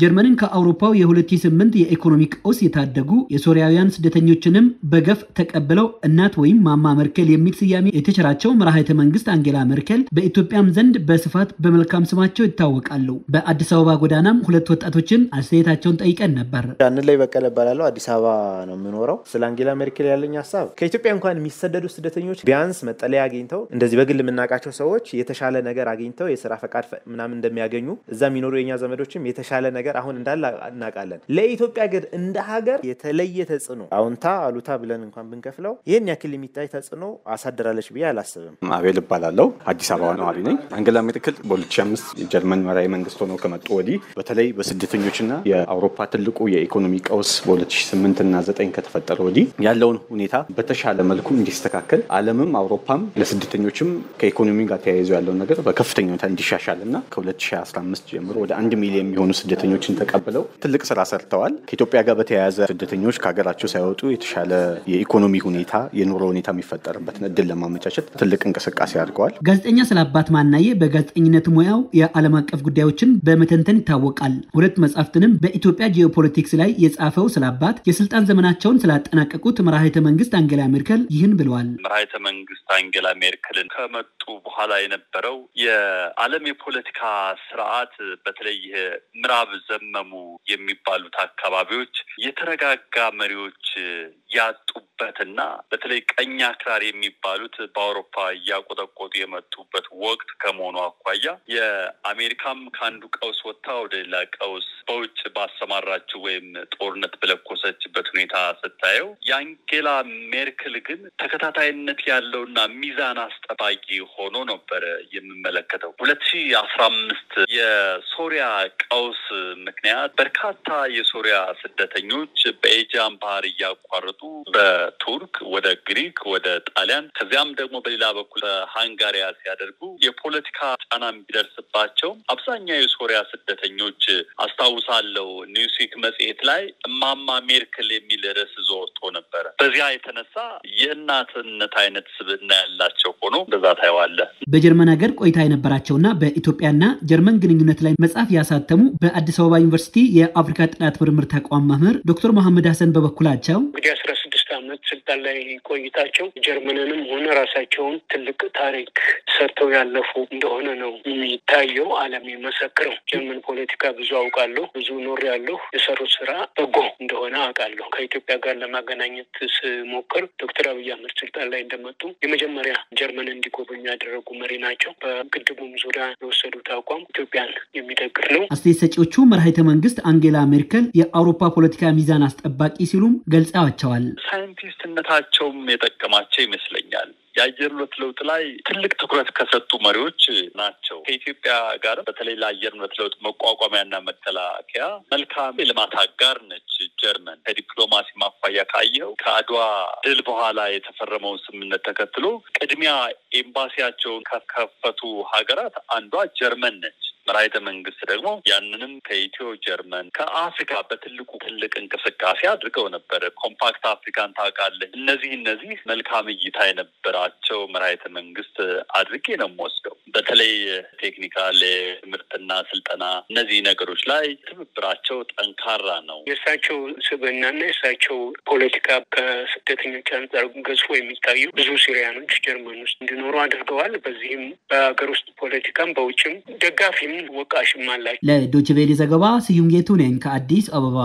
ጀርመንን ከአውሮፓው የ2008 የኢኮኖሚ ቀውስ የታደጉ የሶሪያውያን ስደተኞችንም በገፍ ተቀብለው እናት ወይም ማማ መርከል የሚል ስያሜ የተቸራቸው መራሄተ መንግስት አንጌላ መርከል በኢትዮጵያም ዘንድ በስፋት በመልካም ስማቸው ይታወቃሉ። በአዲስ አበባ ጎዳናም ሁለት ወጣቶችን አስተያየታቸውን ጠይቀን ነበር። ዳንን ላይ በቀለ እባላለሁ። አዲስ አበባ ነው የምኖረው። ስለ አንጌላ መርከል ያለኝ ሀሳብ ከኢትዮጵያ እንኳን የሚሰደዱ ስደተኞች ቢያንስ መጠለያ አግኝተው እንደዚህ በግል የምናውቃቸው ሰዎች የተሻለ ነገር አግኝተው የስራ ፈቃድ ምናምን እንደሚያገኙ እዛ የሚኖሩ የኛ ዘመዶችም የተሻለ ነገር ነገር አሁን እንዳለ እናውቃለን። ለኢትዮጵያ ግን እንደ ሀገር የተለየ ተጽዕኖ አውንታ አሉታ ብለን እንኳን ብንከፍለው ይህን ያክል የሚታይ ተጽዕኖ አሳድራለች ብዬ አላስብም። አቤል እባላለሁ። አዲስ አበባ ነዋሪ ነኝ። አንገላ ሜርክል በ2005 የጀርመን መራዊ መንግስት ሆነው ከመጡ ወዲህ በተለይ በስደተኞችና የአውሮፓ ትልቁ የኢኮኖሚ ቀውስ በ2008 እና 9 ከተፈጠረ ወዲህ ያለውን ሁኔታ በተሻለ መልኩ እንዲስተካከል ዓለምም አውሮፓም ለስደተኞችም ከኢኮኖሚ ጋር ተያይዞ ያለውን ነገር በከፍተኛ ሁኔታ እንዲሻሻል እና ከ2015 ጀምሮ ወደ አንድ ሚሊዮን የሚሆኑ ስደተኞች ተማሪዎችን ተቀብለው ትልቅ ስራ ሰርተዋል። ከኢትዮጵያ ጋር በተያያዘ ስደተኞች ከሀገራቸው ሳይወጡ የተሻለ የኢኮኖሚ ሁኔታ፣ የኑሮ ሁኔታ የሚፈጠርበትን እድል ለማመቻቸት ትልቅ እንቅስቃሴ አድርገዋል። ጋዜጠኛ ስለ አባት ማናዬ በጋዜጠኝነት ሙያው የዓለም አቀፍ ጉዳዮችን በመተንተን ይታወቃል። ሁለት መጽሐፍትንም በኢትዮጵያ ጂኦፖለቲክስ ላይ የጻፈው ስለ አባት የስልጣን ዘመናቸውን ስላጠናቀቁት መራሄተ መንግስት አንጌላ ሜርከል ይህን ብለዋል። መራሄተ መንግስት አንጌላ ሜርከልን ከመጡ በኋላ የነበረው የዓለም የፖለቲካ ስርዓት በተለይ ምዕራብ ዘመሙ የሚባሉት አካባቢዎች የተረጋጋ መሪዎች ያጡ የመጡበትና በተለይ ቀኝ አክራሪ የሚባሉት በአውሮፓ እያቆጠቆጡ የመጡበት ወቅት ከመሆኑ አኳያ የአሜሪካም ከአንዱ ቀውስ ወጥታ ወደ ሌላ ቀውስ በውጭ ባሰማራችው ወይም ጦርነት በለኮሰችበት ሁኔታ ስታየው የአንጌላ ሜርክል ግን ተከታታይነት ያለውና ሚዛን አስጠባቂ ሆኖ ነበረ የምመለከተው። ሁለት ሺ አስራ አምስት የሶሪያ ቀውስ ምክንያት በርካታ የሶሪያ ስደተኞች በኤጃን ባህር እያቋረጡ ከቱርክ ወደ ግሪክ፣ ወደ ጣሊያን ከዚያም ደግሞ በሌላ በኩል ሃንጋሪያ ሲያደርጉ የፖለቲካ ጫና የሚደርስባቸው አብዛኛው የሶሪያ ስደተኞች አስታውሳለው ኒውስዊክ መጽሔት ላይ እማማ ሜርክል የሚል ርዕስ ይዞ ወጥቶ ነበረ። በዚያ የተነሳ የእናትነት አይነት ስብዕና ያላቸው ሆኖ በዛ ታይዋለህ። በጀርመን ሀገር ቆይታ የነበራቸውና በኢትዮጵያና ጀርመን ግንኙነት ላይ መጽሐፍ ያሳተሙ በአዲስ አበባ ዩኒቨርሲቲ የአፍሪካ ጥናት ምርምር ተቋም መምህር ዶክተር መሐመድ ሀሰን በበኩላቸው እንግዲህ አስራ ዓመት ስልጣን ላይ ቆይታቸው ጀርመንንም ሆነ ራሳቸውን ትልቅ ታሪክ ሰርተው ያለፉ እንደሆነ ነው የሚታየው። ዓለም የመሰክረው ጀርመን ፖለቲካ ብዙ አውቃለሁ፣ ብዙ ኖር ያለሁ የሰሩት ስራ በጎ እንደሆነ አውቃለሁ። ከኢትዮጵያ ጋር ለማገናኘት ስሞክር ዶክተር አብይ አህመድ ስልጣን ላይ እንደመጡ የመጀመሪያ ጀርመን እንዲጎበኙ ያደረጉ መሪ ናቸው። በግድቡም ዙሪያ የወሰዱት አቋም ኢትዮጵያን የሚደግፍ ነው። አስተያየት ሰጪዎቹ መርሃይተ መንግስት አንጌላ ሜርከል የአውሮፓ ፖለቲካ ሚዛን አስጠባቂ ሲሉም ገልጸዋቸዋል። ሳይንቲስትነታቸውም የጠቀማቸው ይመስለኛል። የአየር ንብረት ለውጥ ላይ ትልቅ ትኩረት ከሰጡ መሪዎች ናቸው። ከኢትዮጵያ ጋር በተለይ ለአየር ንብረት ለውጥ መቋቋሚያና መከላከያ መልካም የልማት አጋር ነች ጀርመን። ከዲፕሎማሲ ማኳያ ካየው ከአድዋ ድል በኋላ የተፈረመውን ስምምነት ተከትሎ ቅድሚያ ኤምባሲያቸውን ከከፈቱ ሀገራት አንዷ ጀርመን ነች። መራሒተ መንግስት ደግሞ ያንንም ከኢትዮ ጀርመን ከአፍሪካ በትልቁ ትልቅ እንቅስቃሴ አድርገው ነበረ። ኮምፓክት አፍሪካን ታውቃለህ። እነዚህ እነዚህ መልካም እይታ የነበራቸው መራሒተ መንግስት አድርጌ ነው የምወስደው። በተለይ ቴክኒካል ትምህርትና ስልጠና እነዚህ ነገሮች ላይ ትብብራቸው ጠንካራ ነው። የእሳቸው ስብዕናና የእሳቸው ፖለቲካ ከስደተኞች አንጻር ገዝፎ የሚታዩ ብዙ ሲሪያኖች ጀርመን ውስጥ እንዲኖሩ አድርገዋል። በዚህም በሀገር ውስጥ ፖለቲካም በውጭም ደጋፊም ወቃሽም አላቸው። ለዶችቬሌ ዘገባ ስዩም ጌቱ ነኝ ከአዲስ አበባ።